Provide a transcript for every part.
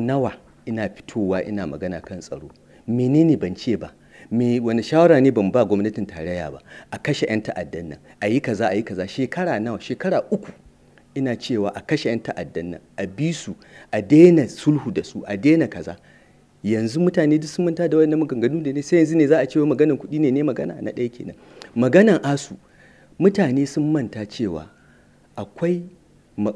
nawa ina fitowa ina magana kan tsaro menene ban ce ba me wani shawara ne ban ba gwamnatin tarayya ba a kashe 'yan ta'addan nan a yi kaza a yi kaza shekara nawa shekara uku ina cewa a kashe 'yan ta'addan nan a bi su a daina sulhu da su a daina kaza yanzu mutane duk sun manta da wannan maganganu da ne sai yanzu ne za a cewa maganan kuɗi ne ne magana na ɗaya kenan maganan asu mutane sun manta cewa akwai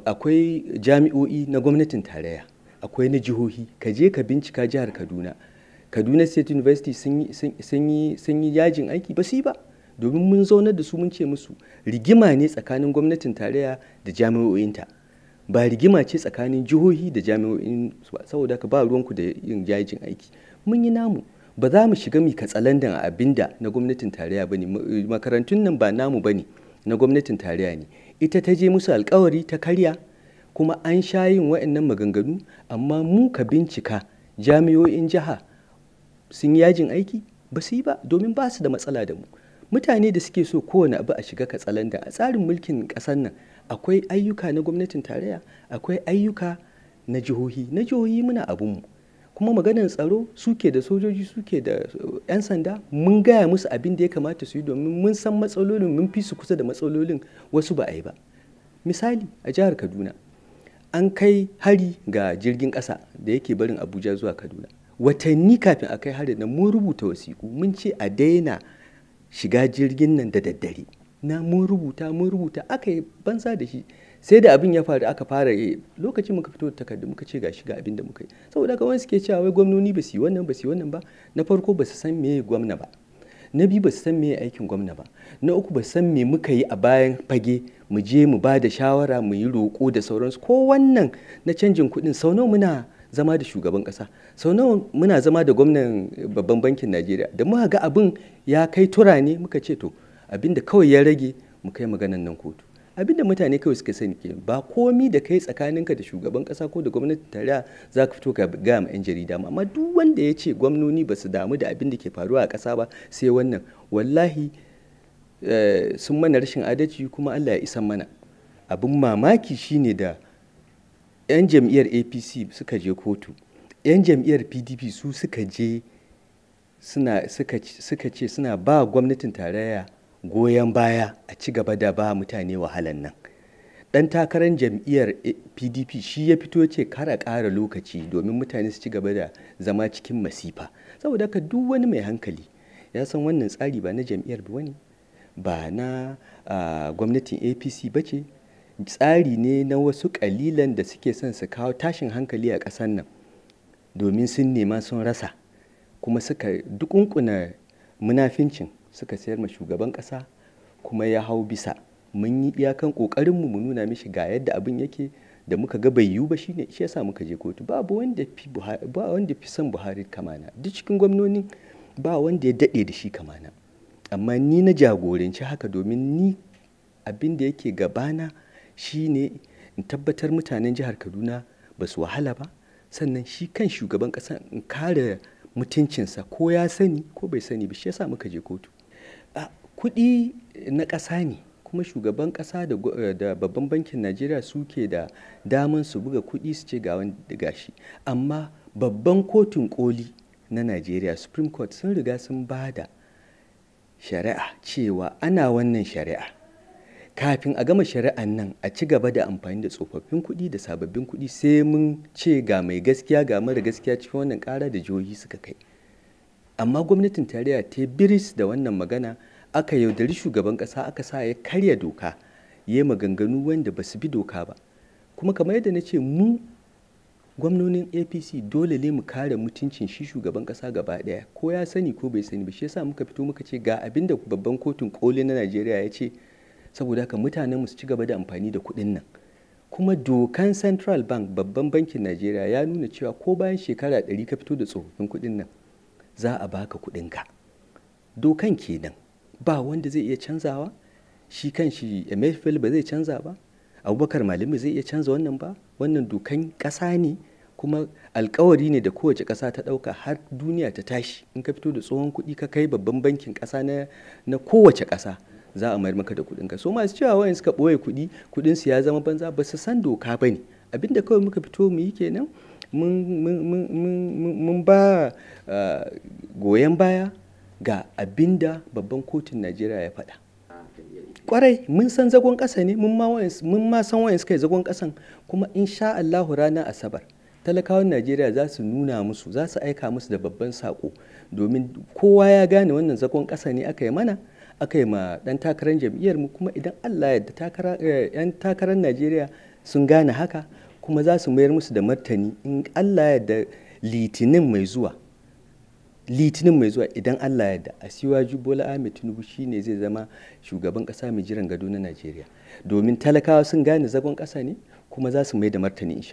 akwai jami'o'i na gwamnatin tarayya akwai na jihohi ka je ka bincika jihar kaduna kaduna state university sun yi yajin aiki ba su yi ba domin mun zaunar da su mun ce musu rigima ne tsakanin gwamnatin tarayya da jami'o'inta ba rigima ce tsakanin jihohi da jami'o'in saboda ka ba ruwanku da yin yajin aiki mun yi namu ba za mu shiga mu katsalandan a abin da na gwamnatin tarayya ba makarantun nan ba namu bane na gwamnatin tarayya ne ita ta je musu alkawari ta karya kuma an sha yin wa'annan maganganu amma mu ka bincika jami'o'in jiha sun yajin aiki ba su yi ba domin ba su da matsala da mu mutane da suke so kowane abu a shiga katsalanda a tsarin mulkin ƙasar nan akwai ayyuka na gwamnatin tarayya akwai ayyuka na jihohi na jihohi muna mu. kuma maganar tsaro suke da sojoji suke da eh, 'yan sanda mun gaya musu abin da ya kamata su yi domin mun san matsalolin mun fi su kusa da matsalolin wasu ba a yi ba misali a jihar kaduna an kai hari ga jirgin ƙasa da yake barin abuja zuwa kaduna watanni kafin a kai hari na mun rubuta wasiku mun ce a daina shiga jirgin nan da daddare na mun rubuta mun rubuta aka yi banza da shi sai da abin ya faru aka fara yi eh, lokacin muka fito da takardu muka ce gashi ga abin da muka yi saboda ga wani suke cewa wai gwamnoni ba su yi wannan ba su yi wannan ba na farko ba su san meye gwamna ba na biyu ba su san meye aikin gwamna ba na uku ba san me muka yi a bayan fage mu je mu ba da shawara mu yi roƙo da sauransu ko wannan na canjin kuɗin sau nawa muna zama da shugaban ƙasa sau nawa muna zama da gwamnan eh, babban bankin najeriya da muka ga abin ya kai tura ne muka ce to abinda kawai ya rage mu kai maganan nan kotu abin da mutane kawai suka sani ke ba komi da kai tsakaninka da shugaban kasa ko da gwamnatin tarayya za ka fito ka ga ma 'yan jarida amma duk wanda ya ce gwamnoni ba su damu da abin da ke faruwa a kasa ba sai wannan wallahi eh, sun mana rashin adalci kuma allah ya isan mana abin mamaki shine da 'yan jam'iyyar apc suka je kotu 'yan jam'iyyar pdp su suka je suka ce suna ba gwamnatin tarayya goyon baya a ci gaba da ba mutane wahalan nan ɗan takarar jam'iyyar pdp shi ya fito ce kara ƙara lokaci domin mutane su ci gaba da zama cikin masifa saboda haka duk wani mai hankali ya san wannan tsari ba na jam'iyyar ba ne ba na gwamnatin apc ba ce tsari ne na wasu ƙalilan da suke son su kawo tashin hankali a ƙasar nan domin sun nema sun rasa kuma suka dukunkuna munafincin suka sayar ma shugaban kasa kuma ya hau bisa mun yi iyakan kokarinmu mu nuna mishi ga yadda abin yake da muka ga bai yiwu ba shine shi yasa muka je kotu babu wanda fi ba wanda fi son buhari kamana duk cikin gwamnoni ba wanda ya daɗe da shi kamana amma ni na jagoranci haka domin ni abin da yake gabana shine in tabbatar mutanen jihar kaduna ba su wahala ba sannan shi kan shugaban kasa in kare mutuncinsa ko ya sani ko bai sani ba shi yasa muka je kotu kuɗi na ƙasa ne kuma shugaban ƙasa da eh, babban bankin najeriya suke da daman su buga kuɗi su ce ga gashi amma babban kotun koli na najeriya supreme court sun riga sun ba da shari'a cewa ana wannan shari'a kafin a gama shari'an nan a ci gaba da amfani da tsofaffin kuɗi da sababbin kuɗi sai mun ce ga mai gaskiya ga mara gaskiya cikin wannan ƙara da jihohi suka kai amma gwamnatin tarayya ta biris da wannan magana aka yaudari shugaban ƙasa aka sa ya karya doka ya maganganu wanda ba su bi doka ba kuma kamar yadda na ce mu gwamnonin apc dole ne mu kare mutuncin shi shugaban kasa gaba daya ko ya sani ko bai sani ba shi yasa muka fito muka ce ga abin da babban kotun koli na najeriya ya ce saboda haka mutanen mu su ci gaba da amfani da kuɗin nan kuma dokan central bank babban bankin najeriya ya nuna cewa ko bayan shekara ɗari ka fito da tsofaffin kuɗin nan za a baka ka. dokan kenan ba wanda zai iya canzawa shi kan shi ba zai canza ba abubakar malami zai iya canza wannan ba wannan dokan ƙasa ne kuma alkawari ne da kowace kasa ta ɗauka har duniya ta tashi in ka fito da tsohon kuɗi ka kai babban bankin kasa na kowace ƙasa za a mayar maka da kuɗinka so masu cewa wayan suka ɓoye kuɗi su ya zama banza ba su san doka ba ne abinda kawai muka fito mu yi kenan mun ba ah, goyon baya ga abin da babban kotun najeriya ya faɗa kwarai mun san zagon ƙasa ne mun ma san wayan suka yi zagon ƙasan kuma insha allahu ranar asabar talakawan najeriya za su nuna musu za su aika musu da babban sako domin kowa ya gane wannan zagon ƙasa ne aka yi mana aka yi ma ɗan takarar jam'iyyar mu kuma idan allah yadda yan eh, takarar najeriya sun gane haka kuma za su mayar musu da martani in allah yadda litinin mai zuwa litinin mai zuwa idan allah ya da asiwaju bola ahmed tinubu shine zai zama shugaban kasa mai jiran gado na najeriya domin talakawa sun gane zagon kasa ne kuma za su mai da martani insha